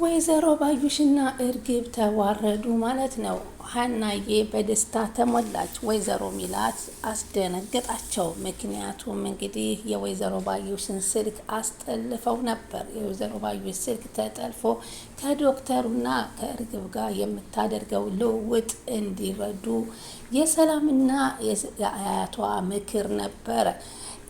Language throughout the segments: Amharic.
ወይዘሮ ባዩሽና እርግብ ተዋረዱ ማለት ነው። ሀናዬ በደስታ ተሞላች። ወይዘሮ ሚላት አስደነገጣቸው። ምክንያቱም እንግዲህ የወይዘሮ ባዩሽን ስልክ አስጠልፈው ነበር። የወይዘሮ ባዩሽ ስልክ ተጠልፎ ከዶክተሩና ከእርግብ ጋር የምታደርገው ልውውጥ እንዲረዱ የሰላምና የአያቷ ምክር ነበረ።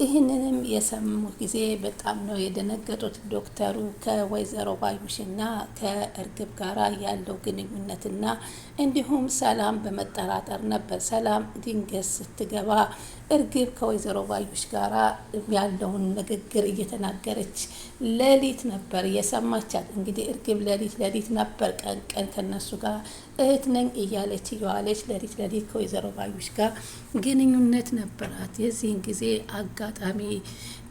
ይህንንም የሰሙ ጊዜ በጣም ነው የደነገጡት። ዶክተሩ ከወይዘሮ ባዩሽና ከእርግብ ጋር ያለው ግንኙነትና እንዲሁም ሰላም በመጠራጠር ነበር። ሰላም ድንገት ስትገባ እርግብ ከወይዘሮ ባዩሽ ጋራ ያለውን ንግግር እየተናገረች ሌሊት ነበር የሰማቻት። እንግዲህ እርግብ ለሊት ለሊት ነበር ቀን ቀን ከነሱ ጋር እህት ነኝ እያለች እየዋለች ለሊት ለሊት ከወይዘሮ ባዩሽ ጋር ግንኙነት ነበራት። የዚህን ጊዜ አጋጣሚ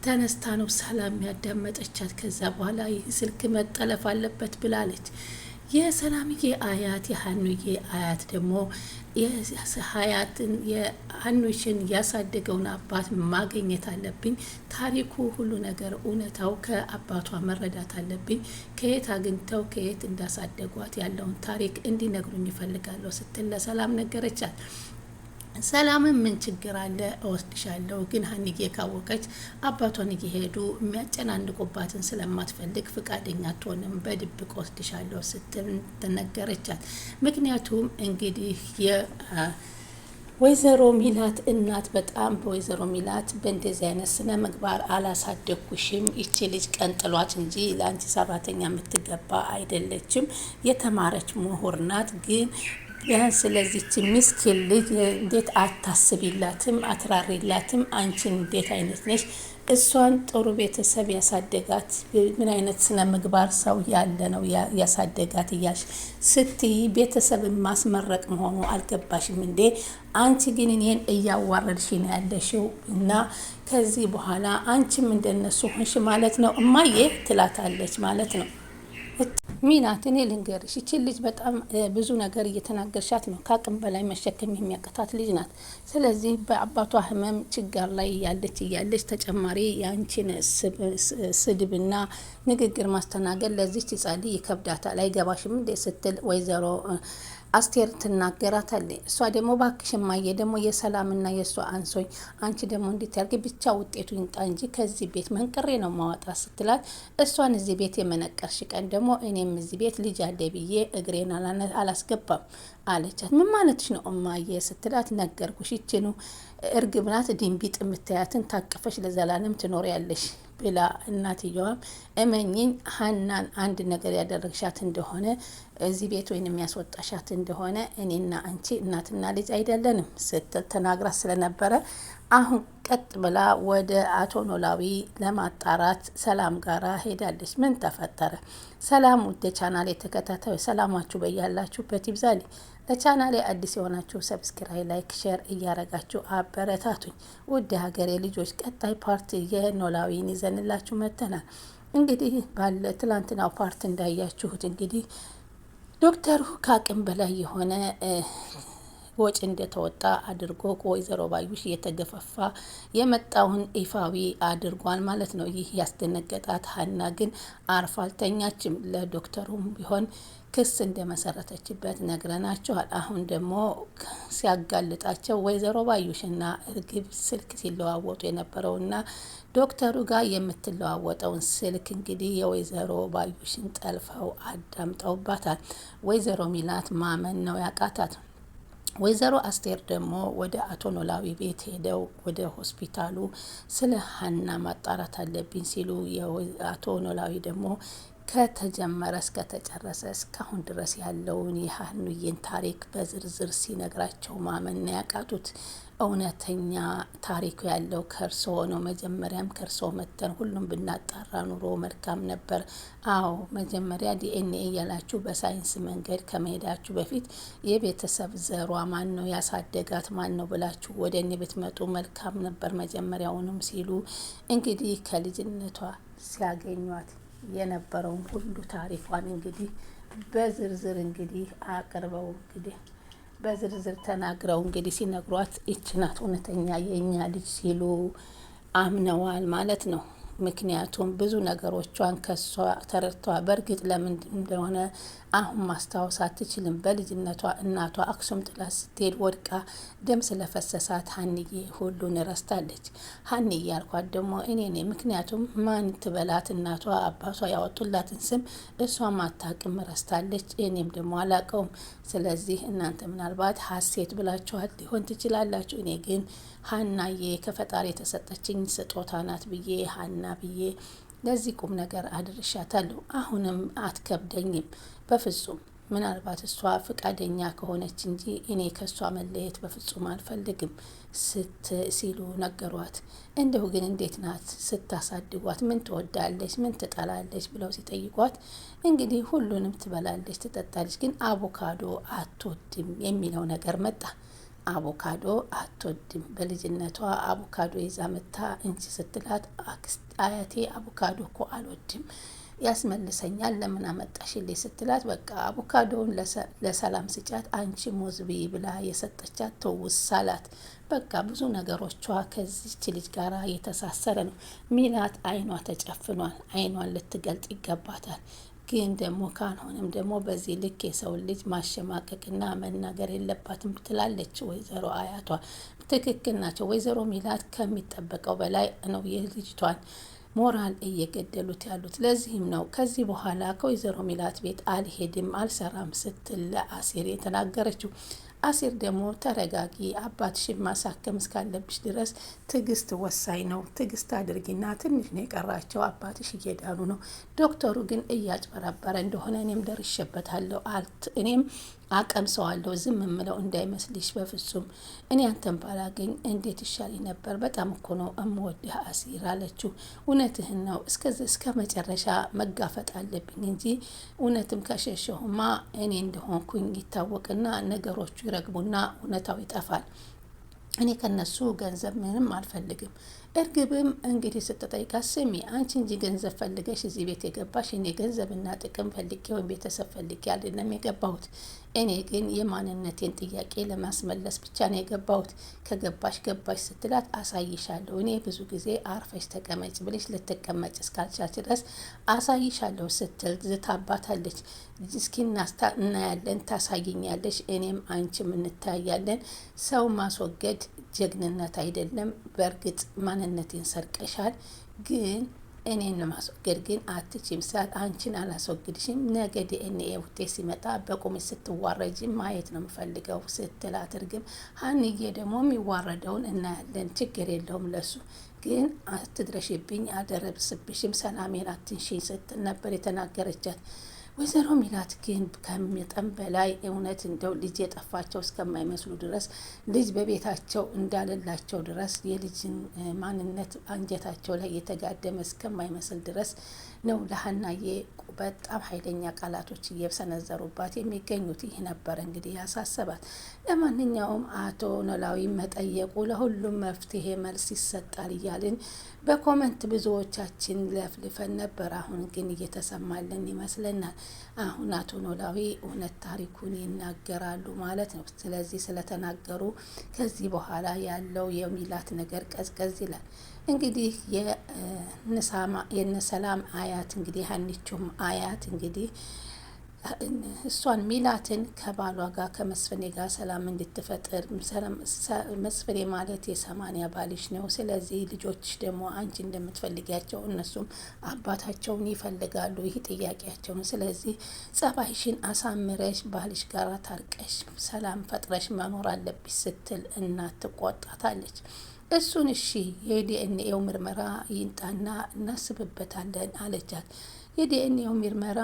ተነስታ ነው ሰላም ያዳመጠቻት። ከዛ በኋላ ይህ ስልክ መጠለፍ አለበት ብላለች። የሰላምዬ አያት የሀኑዬ አያት ደግሞ የሀያትን የሀኑሽን ያሳደገውን አባት ማገኘት አለብኝ። ታሪኩ ሁሉ ነገር እውነታው ከአባቷ መረዳት አለብኝ። ከየት አግኝተው ከየት እንዳሳደጓት ያለውን ታሪክ እንዲነግሩኝ ይፈልጋለሁ ስትል ለሰላም ነገረቻት። ሰላምን ምን ችግር አለ እወስድሻለሁ፣ ግን ሀኒጌ ካወቀች አባቷን እየሄዱ የሚያጨናንቁባትን ስለማትፈልግ ፍቃደኛ አትሆንም፣ በድብቅ እወስድሻለሁ ስትል ተነገረቻት። ምክንያቱም እንግዲህ ወይዘሮ ሚላት እናት በጣም በወይዘሮ ሚላት በእንደዚህ አይነት ስነ ምግባር አላሳደግኩሽም፣ ይቺ ልጅ ቀን ጥሏት እንጂ ለአንቺ ሰራተኛ የምትገባ አይደለችም፣ የተማረች ምሁር ናት፣ ግን ስለዚች ምስኪን ልጅ እንዴት አታስቢላትም? አትራሪላትም? አንቺ እንዴት አይነት ነሽ? እሷን ጥሩ ቤተሰብ ያሳደጋት ምን አይነት ስነ ምግባር ሰው ያለ ነው ያሳደጋት እያልሽ ስትይ ቤተሰብን ማስመረቅ መሆኑ አልገባሽም እንዴ? አንቺ ግን እኔን እያዋረድሽ ነው ያለሽው እና ከዚህ በኋላ አንቺም እንደነሱ ሆንሽ ማለት ነው እማዬ ትላታለች ማለት ነው ሚላት እኔ ልንገርሽ፣ ይችን ልጅ በጣም ብዙ ነገር እየተናገርሻት ነው። ከአቅም በላይ መሸከም የሚያቀታት ልጅ ናት። ስለዚህ በአባቷ ሕመም ችጋር ላይ ያለች እያለች ተጨማሪ የአንቺን ስድብና ንግግር ማስተናገድ ለዚች ህጻን ይከብዳታል። አይገባሽም እንዴ ስትል ወይዘሮ አስቴር ትናገራታለች። እሷ ደግሞ ባክሽ እማዬ ደግሞ የሰላምና የእሷ አንሶኝ አንቺ ደግሞ እንዲታርግ ብቻ ውጤቱ ይንጣ እንጂ ከዚህ ቤት መንቅሬ ነው ማወጣ ስትላት፣ እሷን እዚህ ቤት የመነቀርሽ ቀን ደግሞ እኔም እዚህ ቤት ልጅ አለ ብዬ እግሬን አላስገባም አለቻት። ምን ማለትሽ ነው እማዬ ስትላት፣ ነገርኩሽ ይችኑ እርግብናት ድንቢጥ የምታያትን ታቅፈሽ ለዘላለም ትኖር ያለሽ ብላ እናትየዋም እመኝኝ ሀናን አንድ ነገር ያደረግሻት እንደሆነ እዚህ ቤት ወይም የሚያስወጣሻት እንደሆነ እኔና አንቺ እናትና ልጅ አይደለንም ስትል ተናግራ ስለነበረ አሁን ቀጥ ብላ ወደ አቶ ኖላዊ ለማጣራት ሰላም ጋራ ሄዳለች። ምን ተፈጠረ? ሰላም ውድ የቻናሌ ተከታታዩ ሰላማችሁ በያላችሁበት ይብዛልኝ። ለቻናሌ አዲስ የሆናችሁ ሰብስክራይ፣ ላይክ፣ ሼር እያረጋችሁ አበረታቱኝ። ውድ ሀገሬ ልጆች ቀጣይ ፓርቲ የኖላዊን ይዘ ይዘንላችሁ መጥተናል። እንግዲህ ባለ ትላንትና ፓርት እንዳያችሁት እንግዲህ ዶክተሩ ከአቅም በላይ የሆነ ወጪ እንደተወጣ አድርጎ ከወይዘሮ ባዩሽ የተገፈፋ የመጣውን ይፋዊ አድርጓል ማለት ነው። ይህ ያስደነገጣት ሀና ግን አርፋ አልተኛችም። ለዶክተሩም ቢሆን ክስ እንደመሰረተችበት ነግረናችኋል። አሁን ደግሞ ሲያጋልጣቸው ወይዘሮ ባዩሽና እርግብ ስልክ ሲለዋወጡ የነበረውና ዶክተሩ ጋር የምትለዋወጠውን ስልክ እንግዲህ የወይዘሮ ባዩሽን ጠልፈው አዳምጠውባታል። ወይዘሮ ሚላት ማመን ነው ያቃታት። ወይዘሮ አስቴር ደግሞ ወደ አቶ ኖላዊ ቤት ሄደው ወደ ሆስፒታሉ ስለ ሀና ማጣራት አለብኝ ሲሉ አቶ ኖላዊ ደግሞ ከተጀመረ እስከተጨረሰ እስካሁን ድረስ ያለውን የሀኑዬን ታሪክ በዝርዝር ሲነግራቸው ማመን ያቃጡት እውነተኛ ታሪኩ ያለው ከእርሶ ነው። መጀመሪያም ከእርሶ መተን ሁሉም ብናጣራ ኑሮ መልካም ነበር። አዎ መጀመሪያ ዲኤንኤ እያላችሁ በሳይንስ መንገድ ከመሄዳችሁ በፊት የቤተሰብ ዘሯ ማን ነው ያሳደጋት ማን ነው ብላችሁ ወደ እኔ ብትመጡ መልካም ነበር መጀመሪያውንም ሲሉ እንግዲህ ከልጅነቷ ሲያገኟት የነበረውን ሁሉ ታሪኳን እንግዲህ በዝርዝር እንግዲህ አቅርበው እንግዲህ በዝርዝር ተናግረው እንግዲህ ሲነግሯት ይችናት እውነተኛ የእኛ ልጅ ሲሉ አምነዋል ማለት ነው። ምክንያቱም ብዙ ነገሮቿን ከሷ ተረድቷ በእርግጥ ለምን እንደሆነ አሁን ማስታወስ አትችልም። በልጅነቷ እናቷ አክሱም ጥላት ስትሄድ ወድቃ ደም ስለፈሰሳት ሀንዬ ሁሉን ረስታለች። ሀንዬ ያልኳት ደግሞ እኔ ነኝ። ምክንያቱም ማን ትበላት እናቷ አባቷ ያወጡላትን ስም እሷ ማታቅም ረስታለች። እኔም ደግሞ አላቀውም። ስለዚህ እናንተ ምናልባት ሀሴት ብላችኋት ሊሆን ትችላላችሁ። እኔ ግን ሀናዬ ከፈጣሪ የተሰጠችኝ ስጦታ ናት ብዬ ሀና ብዬ ለዚህ ቁም ነገር አድርሻታለሁ። አሁንም አትከብደኝም በፍጹም ምናልባት እሷ ፍቃደኛ ከሆነች እንጂ እኔ ከእሷ መለየት በፍጹም አልፈልግም ስት ሲሉ ነገሯት። እንዲሁ ግን እንዴት ናት ስታሳድጓት? ምን ትወዳለች? ምን ትጠላለች? ብለው ሲጠይቋት እንግዲህ ሁሉንም ትበላለች፣ ትጠጣለች፣ ግን አቮካዶ አትወድም የሚለው ነገር መጣ። አቮካዶ አትወድም። በልጅነቷ አቮካዶ ይዛ መታ እንቺ ስትላት አያቴ አቮካዶ እኮ አልወድም ያስመልሰኛል ለምን አመጣሽልኝ ስትላት በቃ አቮካዶውን ለሰላም ስጫት አንቺ ሞዝቢ ብላ የሰጠቻት ትውስ አላት። በቃ ብዙ ነገሮቿ ከዚች ልጅ ጋር የተሳሰረ ነው። ሚላት አይኗ ተጨፍኗል። አይኗን ልትገልጥ ይገባታል። ግን ደግሞ ካልሆነም ደግሞ በዚህ ልክ የሰው ልጅ ማሸማቀቅና መናገር የለባትም ትላለች ወይዘሮ አያቷ። ትክክል ናቸው። ወይዘሮ ሚላት ከሚጠበቀው በላይ ነው የልጅቷን ሞራል እየገደሉት ያሉት። ለዚህም ነው ከዚህ በኋላ ከወይዘሮ ሚላት ቤት አልሄድም አልሰራም ስትል ለአሴር የተናገረችው። አሴር ደግሞ ተረጋጊ፣ አባትሽን ማሳከም እስካለብሽ ድረስ ትዕግስት ወሳኝ ነው። ትዕግስት አድርጊና ትንሽ ነው የቀራቸው፣ አባትሽ እየዳኑ ነው። ዶክተሩ ግን እያጭበረበረ እንደሆነ እኔም ደርሼበታለሁ አልት እኔም አቀምሰዋለሁ ዝም የምለው እንዳይመስልሽ፣ በፍጹም እኔ አንተን ባላገኝ እንዴት ይሻል ነበር። በጣም እኮ ነው እምወድህ አሲር አለችው። እውነትህን ነው፣ እስከ መጨረሻ መጋፈጥ አለብኝ እንጂ እውነትም ከሸሸሁማ እኔ እንደሆንኩኝ ይታወቅና ነገሮቹ ይረግቡና እውነታው ይጠፋል። እኔ ከነሱ ገንዘብ ምንም አልፈልግም እርግብም እንግዲህ ስትጠይቃ ስሚ አንቺ እንጂ ገንዘብ ፈልገሽ እዚህ ቤት የገባሽ እኔ ገንዘብና ጥቅም ፈልጌ ወይም ቤተሰብ ፈልጌ አይደለም የገባሁት። እኔ ግን የማንነቴን ጥያቄ ለማስመለስ ብቻ ነው የገባሁት። ከገባሽ ገባሽ ስትላት አሳይሻለሁ፣ እኔ ብዙ ጊዜ አርፈሽ ተቀመጭ ብለሽ ልትቀመጭ እስካልቻች ድረስ አሳይሻለሁ ስትል ዝታባታለች። እስኪ እናያለን፣ ታሳይኛለሽ፣ እኔም አንቺም እንታያለን። ሰው ማስወገድ ጀግንነት አይደለም። በእርግጥ ማንነቴን ሰርቀሻል፣ ግን እኔን ማስወገድ ግን አትችም። ሳት አንቺን አላስወግድሽም። ነገ ዲኤንኤ ውጤት ሲመጣ በቁምሽ ስትዋረጅ ማየት ነው የምፈልገው ስትል አትርግም። ሀንዬ ደግሞ የሚዋረደውን እናያለን። ችግር የለውም ለሱ ግን አትድረሽብኝ፣ አደረብስብሽም፣ ሰላሜን አትንሽኝ ስትል ነበር የተናገረቻት። ወይዘሮ ሚላት ግን ከመጠን በላይ እውነት እንደው ልጅ የጠፋቸው እስከማይመስሉ ድረስ ልጅ በቤታቸው እንዳለላቸው ድረስ የልጅን ማንነት አንጀታቸው ላይ የተጋደመ እስከማይመስል ድረስ ነው ለሀናዬ በጣም ኃይለኛ ቃላቶች እየሰነዘሩባት የሚገኙት። ይህ ነበር እንግዲህ ያሳሰባት። ለማንኛውም አቶ ኖላዊ መጠየቁ ለሁሉም መፍትሄ መልስ ይሰጣል እያልን በኮመንት ብዙዎቻችን ለፍልፈን ነበር። አሁን ግን እየተሰማልን ይመስለናል። አሁን አቶ ኖላዊ እውነት ታሪኩን ይናገራሉ ማለት ነው። ስለዚህ ስለተናገሩ ከዚህ በኋላ ያለው የሚላት ነገር ቀዝቀዝ ይላል። እንግዲህ የነሰላም አያት እንግዲህ ሀኒቾም አያት እንግዲህ እሷን ሚላትን ከባሏ ጋር ከመስፍኔ ጋር ሰላም እንድትፈጥር መስፍኔ ማለት የሰማንያ ባልሽ ነው። ስለዚህ ልጆች ደግሞ አንቺ እንደምትፈልጊያቸው እነሱም አባታቸውን ይፈልጋሉ። ይህ ጥያቄያቸውን። ስለዚህ ጸባይሽን አሳምረሽ ባልሽ ጋር ታርቀሽ ሰላም ፈጥረሽ መኖር አለብሽ ስትል እናት ትቆጣታለች። እሱን እሺ የዲኤንኤው ምርመራ ይንጣና እናስብበታለን አለቻት። የዲኤንኤው ምርመራ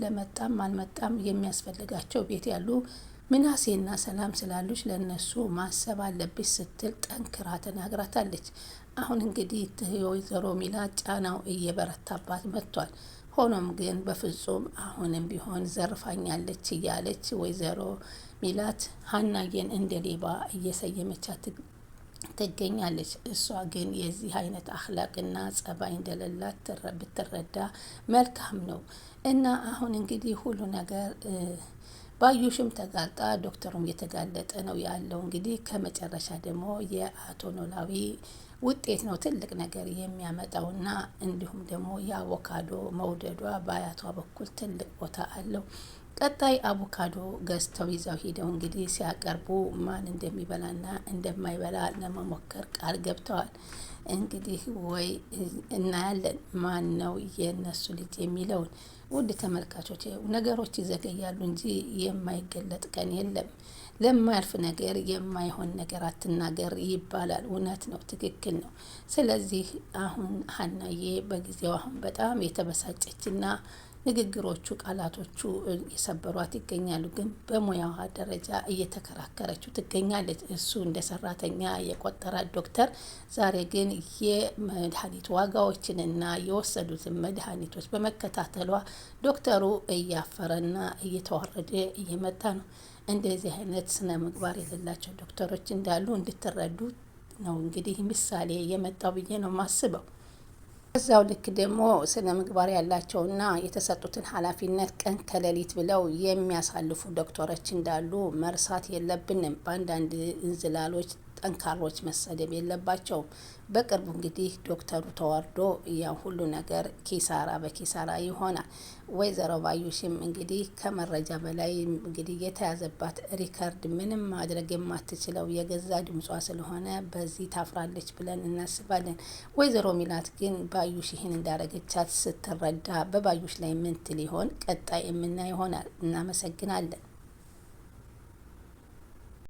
ለመጣም አልመጣም የሚያስፈልጋቸው ቤት ያሉ ምናሴና ሰላም ስላሉች ለእነሱ ማሰብ አለብሽ ስትል ጠንክራ ተናግራታለች። አሁን እንግዲህ የወይዘሮ ሚላ ጫናው እየበረታባት መጥቷል። ሆኖም ግን በፍጹም አሁንም ቢሆን ዘርፋኛለች እያለች ወይዘሮ ሚላት ሀናየን እንደ ሌባ እየሰየመቻት ትገኛለች። እሷ ግን የዚህ አይነት አክላቅና ጸባይ እንደሌላት ብትረዳ መልካም ነው እና አሁን እንግዲህ ሁሉ ነገር ባዩሽም ተጋልጣ ዶክተሩም የተጋለጠ ነው ያለው። እንግዲህ ከመጨረሻ ደግሞ የአቶ ኖላዊ ውጤት ነው ትልቅ ነገር የሚያመጣው እና እንዲሁም ደግሞ የአቮካዶ መውደዷ በአያቷ በኩል ትልቅ ቦታ አለው። ቀጣይ አቮካዶ ገዝተው ይዘው ሄደው እንግዲህ ሲያቀርቡ ማን እንደሚበላና እንደማይበላ ለመሞከር ቃል ገብተዋል። እንግዲህ ወይ እናያለን ማን ነው የእነሱ ልጅ የሚለውን። ውድ ተመልካቾች ነገሮች ይዘገያሉ እንጂ የማይገለጥ ቀን የለም። ለማያልፍ ነገር የማይሆን ነገር አትናገር ይባላል። እውነት ነው፣ ትክክል ነው። ስለዚህ አሁን ሀናዬ በጊዜው አሁን በጣም የተበሳጨችና ንግግሮቹ፣ ቃላቶቹ የሰበሯት ይገኛሉ። ግን በሙያዋ ደረጃ እየተከራከረችው ትገኛለች። እሱ እንደ ሰራተኛ የቆጠራት ዶክተር ዛሬ ግን የመድኃኒት ዋጋዎችንና የወሰዱትን መድኃኒቶች በመከታተሏ ዶክተሩ እያፈረና እየተዋረደ እየመጣ ነው። እንደዚህ አይነት ስነ ምግባር የሌላቸው ዶክተሮች እንዳሉ እንድትረዱ ነው እንግዲህ ምሳሌ የመጣው ብዬ ነው ማስበው። በዛው ልክ ደግሞ ስነ ምግባር ያላቸውና የተሰጡትን ኃላፊነት ቀን ከሌሊት ብለው የሚያሳልፉ ዶክተሮች እንዳሉ መርሳት የለብንም። በአንዳንድ እንዝላሎች ጠንካሮች መሰደብ የለባቸውም። በቅርቡ እንግዲህ ዶክተሩ ተዋርዶ ያ ሁሉ ነገር ኪሳራ በኪሳራ ይሆናል። ወይዘሮ ባዩሽም እንግዲህ ከመረጃ በላይ እንግዲህ የተያዘባት ሪከርድ ምንም ማድረግ የማትችለው የገዛ ድምጿ ስለሆነ በዚህ ታፍራለች ብለን እናስባለን። ወይዘሮ ሚላት ግን ባዩሽ ይህን እንዳረገቻት ስትረዳ በባዩሽ ላይ ምንትል ይሆን ቀጣይ የምና ይሆናል። እናመሰግናለን።